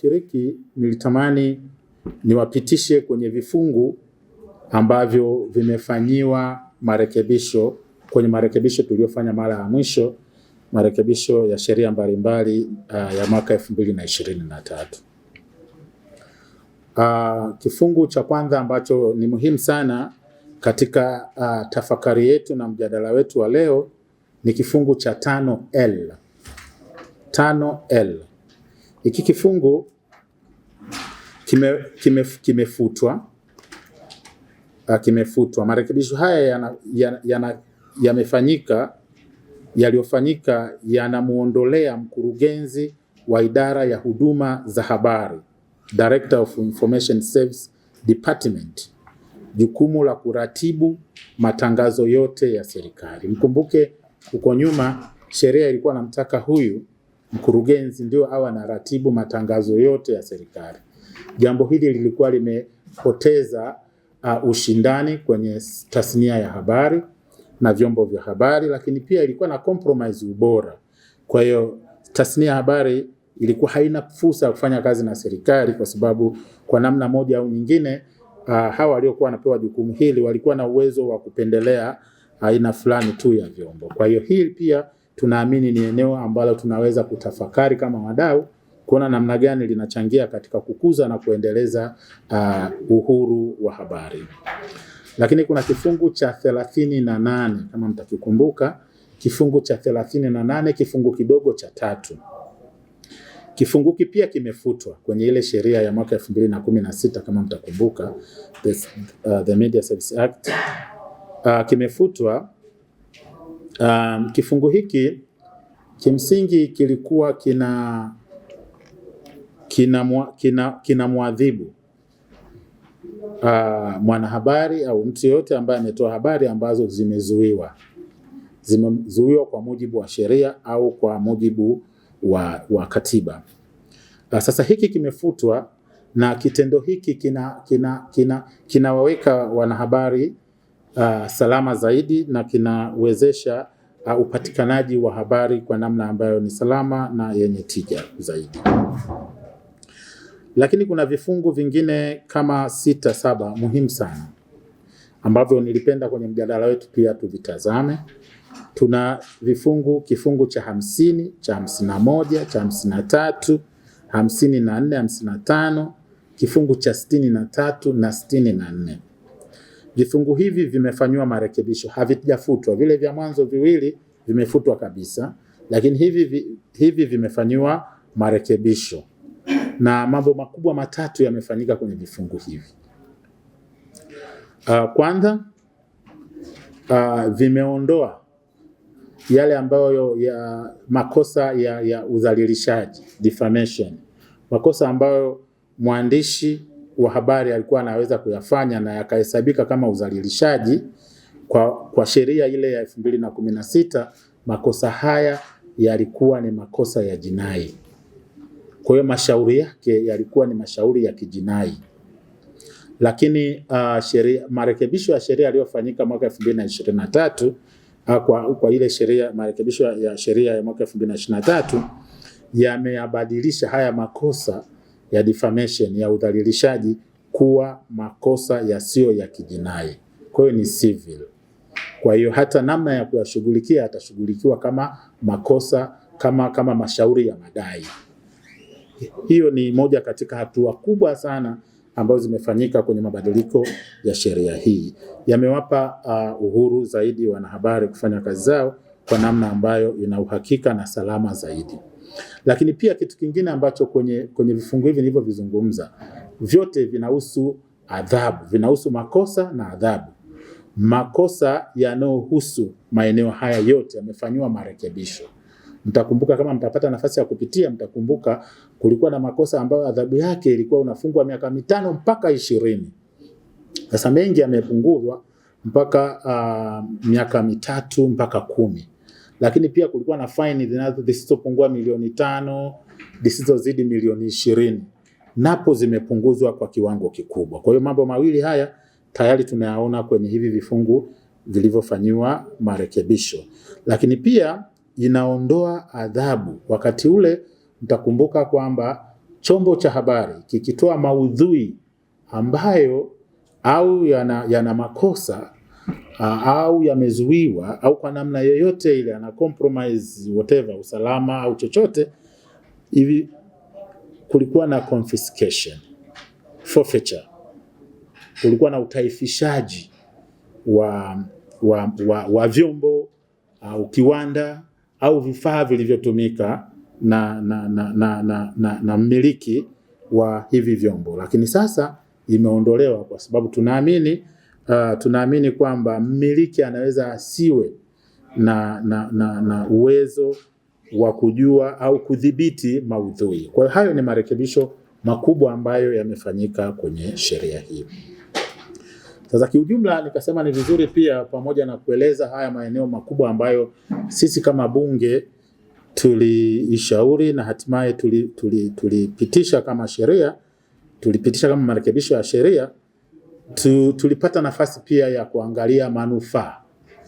Shiriki nilitamani niwapitishe kwenye vifungu ambavyo vimefanyiwa marekebisho kwenye marekebisho tuliyofanya mara ya mwisho, marekebisho ya sheria mbalimbali uh, ya mwaka 2023. Uh, kifungu cha kwanza ambacho ni muhimu sana katika uh, tafakari yetu na mjadala wetu wa leo ni kifungu cha tano L. Tano L. Hiki kifungu kimefutwa kime ah, kimefutwa. Marekebisho haya yamefanyika ya, ya, ya yaliyofanyika yanamwondolea mkurugenzi wa idara ya huduma za habari Director of Information Service Department jukumu la kuratibu matangazo yote ya serikali. Mkumbuke huko nyuma sheria ilikuwa namtaka huyu mkurugenzi ndio na anaratibu matangazo yote ya serikali. Jambo hili lilikuwa limepoteza uh, ushindani kwenye tasnia ya habari na vyombo vya habari, lakini pia ilikuwa na compromise ubora. Kwa hiyo tasnia ya habari ilikuwa haina fursa ya kufanya kazi na serikali, kwa sababu kwa namna moja au nyingine uh, hawa waliokuwa wanapewa jukumu hili walikuwa na uwezo wa kupendelea aina fulani tu ya vyombo. Kwa hiyo hii pia tunaamini ni eneo ambalo tunaweza kutafakari kama wadau kuona namna gani linachangia katika kukuza na kuendeleza uh, uhuru wa habari. Lakini kuna kifungu cha thelathini na nane kama mtakikumbuka, kifungu cha thelathini na nane kifungu kidogo cha tatu. Kifungu pia kimefutwa kwenye ile sheria ya mwaka 2016 kama mtakumbuka, the, uh, the Media Services Act uh, kimefutwa Um, kifungu hiki kimsingi kilikuwa kina kinamwadhibu kina, kina, kina uh, mwanahabari au mtu yoyote ambaye ametoa habari ambazo zimezuiwa zimezuiwa kwa mujibu wa sheria au kwa mujibu wa, wa katiba. Uh, sasa hiki kimefutwa na kitendo hiki kinawaweka kina, kina, kina wanahabari uh, salama zaidi na kinawezesha uh, upatikanaji wa habari kwa namna ambayo ni salama na yenye tija zaidi. Lakini kuna vifungu vingine kama sita saba muhimu sana ambavyo nilipenda kwenye mjadala wetu pia tuvitazame. Tuna vifungu kifungu cha hamsini cha hamsini na moja cha hamsini na tatu hamsini na nne hamsini na tano kifungu cha sitini na tatu na sitini na nne Vifungu hivi vimefanyiwa marekebisho, havijafutwa. Vile vya mwanzo viwili vimefutwa kabisa, lakini hivi, vi, hivi vimefanyiwa marekebisho na mambo makubwa matatu yamefanyika kwenye vifungu hivi. Uh, kwanza uh, vimeondoa yale ambayo ya makosa ya, ya udhalilishaji defamation, makosa ambayo mwandishi wa habari alikuwa anaweza kuyafanya na yakahesabika kama udhalilishaji kwa, kwa sheria ile ya elfu mbili na kumi na sita makosa haya yalikuwa ni makosa ya jinai. Kwa hiyo mashauri yake yalikuwa ni mashauri ya kijinai, lakini uh, sheria, marekebisho ya sheria yaliyofanyika mwaka 2023 uh, kwa, kwa ile sheria marekebisho ya sheria ya mwaka 2023 yameyabadilisha haya makosa ya defamation ya udhalilishaji kuwa makosa yasiyo ya kijinai. Kwa hiyo ni civil. Kwa hiyo hata namna ya kuyashughulikia atashughulikiwa kama makosa kama, kama mashauri ya madai. Hiyo ni moja katika hatua kubwa sana ambazo zimefanyika kwenye mabadiliko ya sheria hii, yamewapa uh, uhuru zaidi wanahabari kufanya kazi zao kwa namna ambayo ina uhakika na salama zaidi. Lakini pia kitu kingine ambacho kwenye, kwenye vifungu hivi nilivyovizungumza vyote vinahusu adhabu, vinahusu makosa na adhabu. Makosa yanayohusu maeneo haya yote yamefanyiwa marekebisho. Mtakumbuka kama mtapata nafasi ya kupitia, mtakumbuka kulikuwa na makosa ambayo adhabu yake ilikuwa unafungwa miaka mitano mpaka ishirini. Sasa mengi yamepunguzwa mpaka uh, miaka mitatu mpaka kumi lakini pia kulikuwa na faini zisizopungua milioni tano zisizozidi milioni ishirini napo zimepunguzwa kwa kiwango kikubwa. Kwa hiyo mambo mawili haya tayari tunayaona kwenye hivi vifungu vilivyofanyiwa marekebisho, lakini pia inaondoa adhabu. Wakati ule mtakumbuka kwamba chombo cha habari kikitoa maudhui ambayo au yana, yana makosa au yamezuiwa au kwa namna yoyote ile ana compromise whatever usalama au chochote hivi, kulikuwa na confiscation forfeiture, kulikuwa na utaifishaji wa, wa, wa, wa vyombo au kiwanda au vifaa vilivyotumika na, na, na, na, na, na, na mmiliki wa hivi vyombo, lakini sasa imeondolewa kwa sababu tunaamini uh, tunaamini kwamba mmiliki anaweza asiwe na, na, na, na uwezo wa kujua au kudhibiti maudhui. Kwa hiyo hayo ni marekebisho makubwa ambayo yamefanyika kwenye sheria hii. Sasa kiujumla, nikasema ni vizuri pia pamoja na kueleza haya maeneo makubwa ambayo sisi kama bunge tuliishauri na hatimaye tulipitisha tuli, tuli kama sheria tulipitisha kama marekebisho ya sheria tu, tulipata nafasi pia ya kuangalia manufaa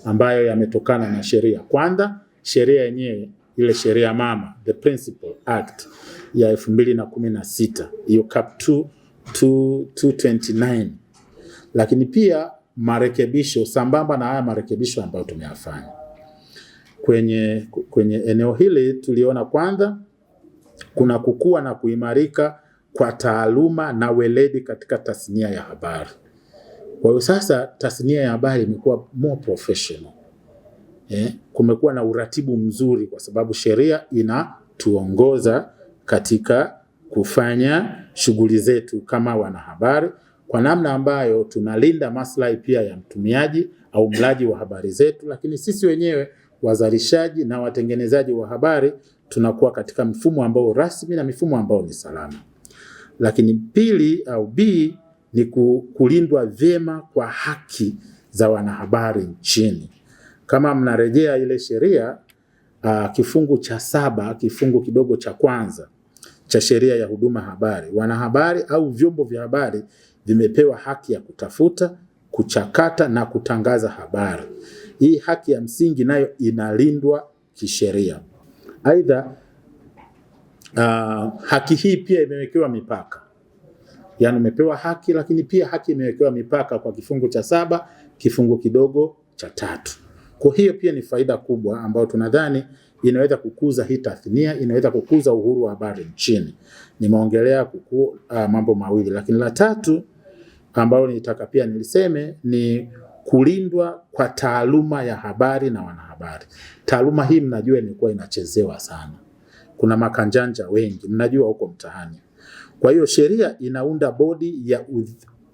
ambayo yametokana na sheria. Kwanza sheria yenyewe ile sheria mama the principal act ya 2016 hiyo cap 2 229, lakini pia marekebisho sambamba na haya marekebisho ambayo tumeyafanya kwenye, kwenye eneo hili tuliona kwanza kuna kukua na kuimarika kwa taaluma na weledi katika tasnia ya habari. Kwa hiyo sasa tasnia ya habari imekuwa more professional. Eh, kumekuwa na uratibu mzuri kwa sababu sheria inatuongoza katika kufanya shughuli zetu kama wanahabari kwa namna ambayo tunalinda maslahi pia ya mtumiaji au mlaji wa habari zetu, lakini sisi wenyewe wazalishaji na watengenezaji wa habari tunakuwa katika mfumo ambao rasmi na mifumo ambao ni salama. Lakini pili au B ni kulindwa vyema kwa haki za wanahabari nchini. Kama mnarejea ile sheria uh, kifungu cha saba kifungu kidogo cha kwanza cha sheria ya huduma habari, wanahabari au vyombo vya habari vimepewa haki ya kutafuta, kuchakata na kutangaza habari. Hii haki ya msingi nayo inalindwa kisheria. Aidha, uh, haki hii pia imewekewa mipaka yani umepewa haki, lakini pia haki imewekewa mipaka kwa kifungu cha saba kifungu kidogo cha tatu. Kwa hiyo pia ni faida kubwa ambayo tunadhani inaweza kukuza hii tathnia, inaweza kukuza uhuru wa habari nchini. Nimeongelea kuku, uh, mambo mawili, lakini la tatu ambalo nitaka pia niliseme ni kulindwa kwa taaluma ya habari na wanahabari. Taaluma hii mnajua imekuwa inachezewa sana, kuna makanjanja wengi mnajua huko mtaani. Kwa hiyo sheria inaunda bodi ya,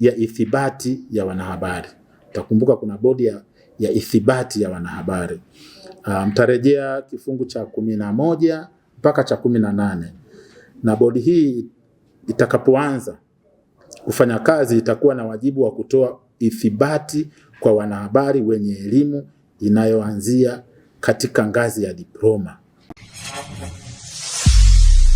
ya ithibati ya wanahabari. takumbuka kuna bodi ya, ya ithibati ya wanahabari mtarejea um, kifungu cha kumi na moja mpaka cha kumi na nane na bodi hii itakapoanza kufanya kazi itakuwa na wajibu wa kutoa ithibati kwa wanahabari wenye elimu inayoanzia katika ngazi ya diploma.